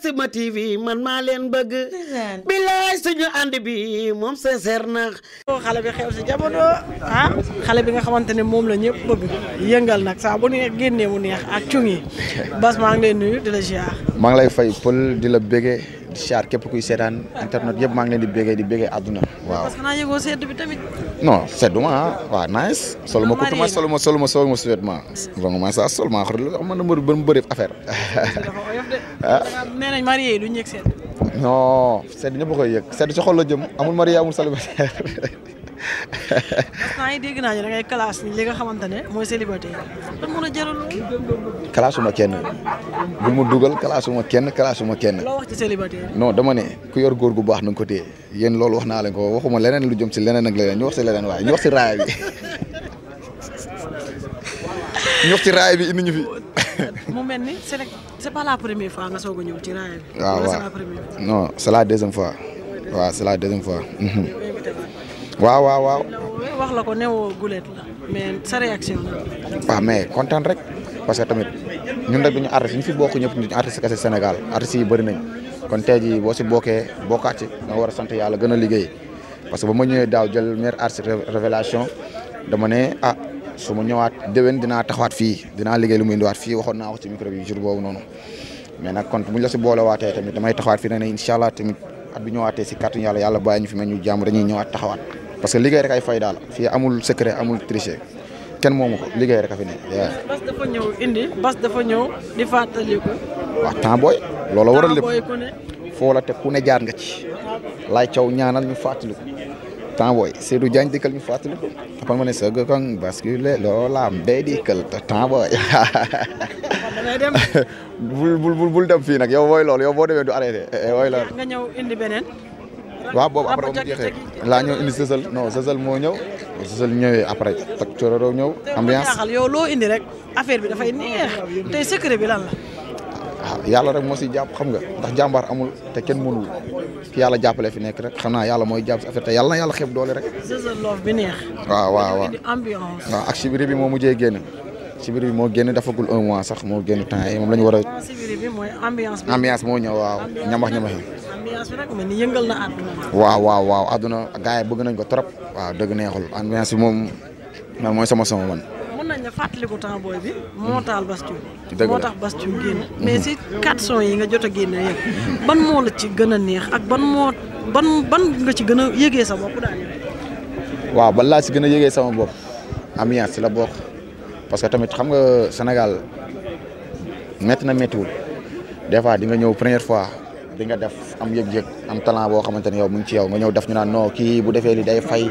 Sima TV man maa leen bëgg. bilaay suñu ànd bi moom sincère na. xale bi xew si jamono ah xale bi nga xamante ne moom la ñëpp bëgg yëngal nak saa bu ne génnee mu neex ak cung bas maa ngi leen nuyu di la ziar. maa ngi lay fay pël di la bége di siyaar képp kuy seetaan internet yëpp maa ngi leen di bége di bége àdduna. waaw parce que naa yëgoo sedd bi tamit. non seddu ma ah waaw nice. solo ma kutuma solo ma solo ma solo ma suwet ma. vraiment ma sa sol maa xam ne lu ma mën a bëri affaire. ah nee nañ marié du ñu yëg sedd. non sedd ñëpp koy yëg sedd si xol la jëm amul mari amul célibataire. parce que dégg naa ñu da ngay classe li nga xamante ne mooy célibataire lan mun a jaral ma kenn bu mu dugal classe ma kenn classe kenn. loo wax ci célibataire. non dama ne ku yor góor gu baax na nga ko téye yéen loolu wax naa leen ko waxuma leneen lu jëm si leneen ak leneen ñu wax si leneen waaye ñu wax si raaya bi ñu wax si raaya bi indi ñu fi. mu mel ni c'est c'est pas la première fois nga soog a ñëw ci raaya ah, mhm. waaw waaw waaw wax la ko newoo gulet la mais sa réaction la. Ah, mais kontaan rek parce que tamit ñun rek duñu artiste ñu fi bokk ñëpp ñu artiste kese Sénégal artistes yi kon tey boo si bokkee bokkaat ci nga war a sant yàlla gën a liggéey parce que ba ma daaw jël meilleur artiste révélation dama ne ah su ma ñëwaat déwén dinaa taxawaat fii dinaa liggéey lu muy indiwaat fii waxoon naa ko ci micro bi jour boobu noonu mais na kont buñ la si boolewaatee tamit damay taxawaat fii ne ne incha allah tamit at bi ñëwaatee si kàttu yàlla yàlla bàyyi ñu fi mel ñu jàmm dañuy ñëwaat taxawaat parce que liggéey rek ay fay fii amul secret amul tricher kenn moomu liggéey rek a fi bas dafa ñëw indi bas dafa ñëw di fàttaliku. waaw temps booy. loolu waral lépp temps booy ku ne. la teg ku ne jaar nga ci. laay caw ñaanal ñu fàttaliku tanwoy Seydou Diagne dikkal ñu fàttali ko tapal ma ne sëgg kon bascule loolaam day dikkal tanwoy bul bul bul dem fii nag yow wooy lool yow boo demee du arrêté eh, eh, wooy lool mu jeexee laa ñëw indi sësal non sësal moo ñëw sësal ñëwee après tak cororo ñëw ambiance yow loo indi rek affaire bi dafay neex tey secret bi lan waaw yàlla rek moo si jàpp xam nga ndax jàmbaar amul te kenn mënul yàlla jàppale fi nekk rek xam naa yàlla mooy jàpp si affaire te yàlla yàlla xeeb doole rek. bi neex. waaw waaw waaw ambiance. waaw bi moo mujjee génn sibiri bi moo génn dafagul un mois sax moo génn temps yi moom la ñu war a. moo ñëw waaw ñamax ñamax yi. ambiance waaw waaw waaw àdduna gars yi bëgg nañ ko trop. waaw dëgg neexul ambiance bi moom man mooy sama sama man. nañ ne fàttaliku temps booy moo tax Bass Thioung génn mais si quatre yi nga jot a génne yëpp ban moo la ci gën a neex ak ban moo ban ban nga ci gën a yëgee sa laa si gën a yëgee sama bopp ambiance ci la bokk parce que tamit xam nga Sénégal métti na méttiwul des fois di nga ñëw première fois di nga def am yëg-yëg am talent boo xamante ne yow ci yow nga ñëw def ñu naan non kii bu defee li day fay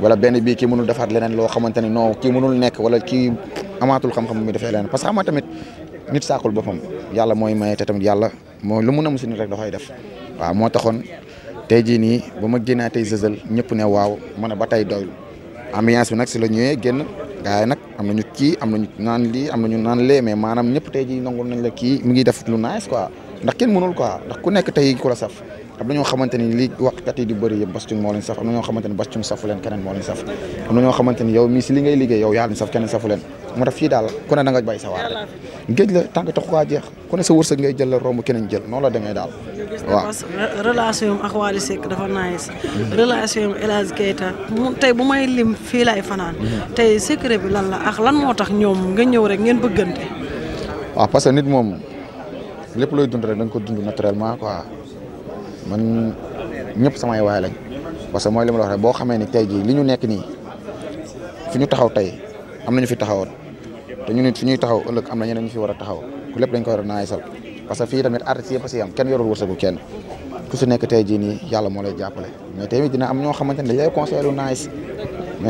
wala benn bii ki mënul defaat leneen loo xamante ni non kii mënul nekk wala ki amaatul xam-xam mi defee leneen parce que xam nga tamit nit saakul boppam yàlla mooy maye te tamit yàlla mooy lu mun a si rek da koy def waaw moo taxoon tey jii nii ba ma génnaatee Zezel ñëpp ne waaw ma ne ba tey doy ambiance bi nag si la ñëwee génn gars yi nag am nañu kii am nañu naan lii am nañu naan lee mais maanaam ñëpp tey jii nañ la kii mi ngi def lu nice quoi ndax kenn mënul quoi ndax ku nekk tey ku la saf am na ñoo xamante ni safu leen keneen moo la demee daal waaw relation ak dafa nice relation El Hadj Keita tey bu may lim fii laay fanaan mhm. tey Seck lan la ak lan moo tax ñoom nga ñëw rek ngeen bëggante. waaw parce que nit moom lépp looy dund rek da ko dund naturellement quoi man ñëpp samay waay lañ parce que mooy li ma boo xamee ni tey jii li ñu nekk nii fi ñu taxaw tey am nañu fi taxawoon te ñu nit fi ñuy taxaw ëllëg am na ñeneen ñu fi war a taxaw ku lépp dañ ko war a naay sal fii tamit artistes yëpp si am kenn yorul wërsëgu kenn. ku su nekk tey jii nii yàlla moo lay jàppale mais dina am ñoo xamante ne dañ lay conseillé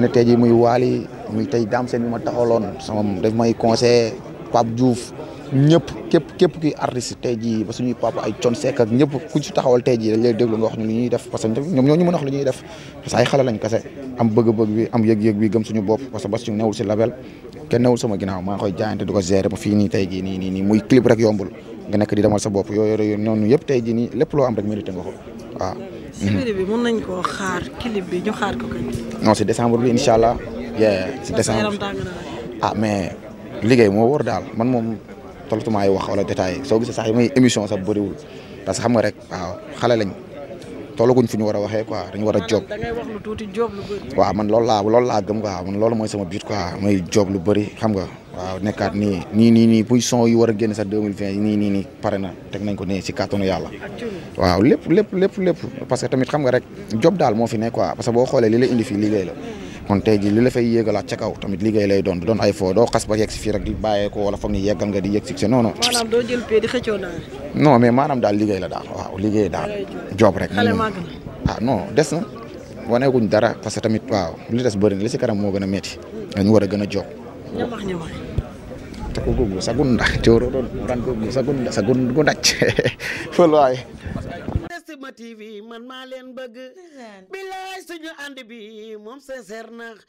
ne tey jii muy waali muy tey daam seen bi ma taxawloon sama daf may conseillé Pape Diouf ñëpp képp képp kuy artiste tey jii ba suñuy papa ay con sek ak ku ci taxawal tey jii dañ lay déglu nga ñu lu ñuy def parce que ñoom ñoo ñu mën a lu ñuy def parce que ay xale lañ kese am bëgg-bëgg bi am yëg-yëg bi gëm suñu bopp parce que Bass Thioung newul si label kenn newul sama ginnaaw maa ngi koy jaayante di ko gérer ba fii nii tey jii nii muy clip yombul nga nekk di demal sa bopp yooyu yooyu noonu yëpp tey jii nii lépp loo am rek mérité nga ko waaw. Mhm. koo xaar clip bi ñu xaar ko kañ. non si décembre bi incha allah. si décembre ah mais liggéey moo war daal man moom toltumaa yi wax wala yi soo gisee sax yi may émission sax bariwul parce que xam nga rek waaw xale lañ tologuñ fu ñu war a waxee quoi dañu war a job. waaw man loolu laa loolu laa gëm quoi man loolu mooy sama but quoi mooy job lu bari xam nga. waaw nekkaat nii nii nii nii position yi war a génn sax deux mille vingt nii nii nii pare na teg nañ ko nii si kàttanu yàlla waaw lépp lépp lépp lépp parce que tamit xam nga rek job daal moo fi ne quoi parce que boo xoolee li la indi fii liggéey la kon la fay yéegalaat kaw tamit liggéey lay doon du doon ay foo doo fii rek di bàyyee ko wala no mais maanaam daal liggéey la daal waaw liggéey daal job rek ah non des na waneeguñ dara parce que tamit waaw li des bëri li si kanam moo gën a métti dañu war a gën a job ñamax-ñamax takugo sagunda coroɗon ɓurangogo sagunda sagungo dacc man maa leen bëgg bilaay suñu ànd bi moom sincère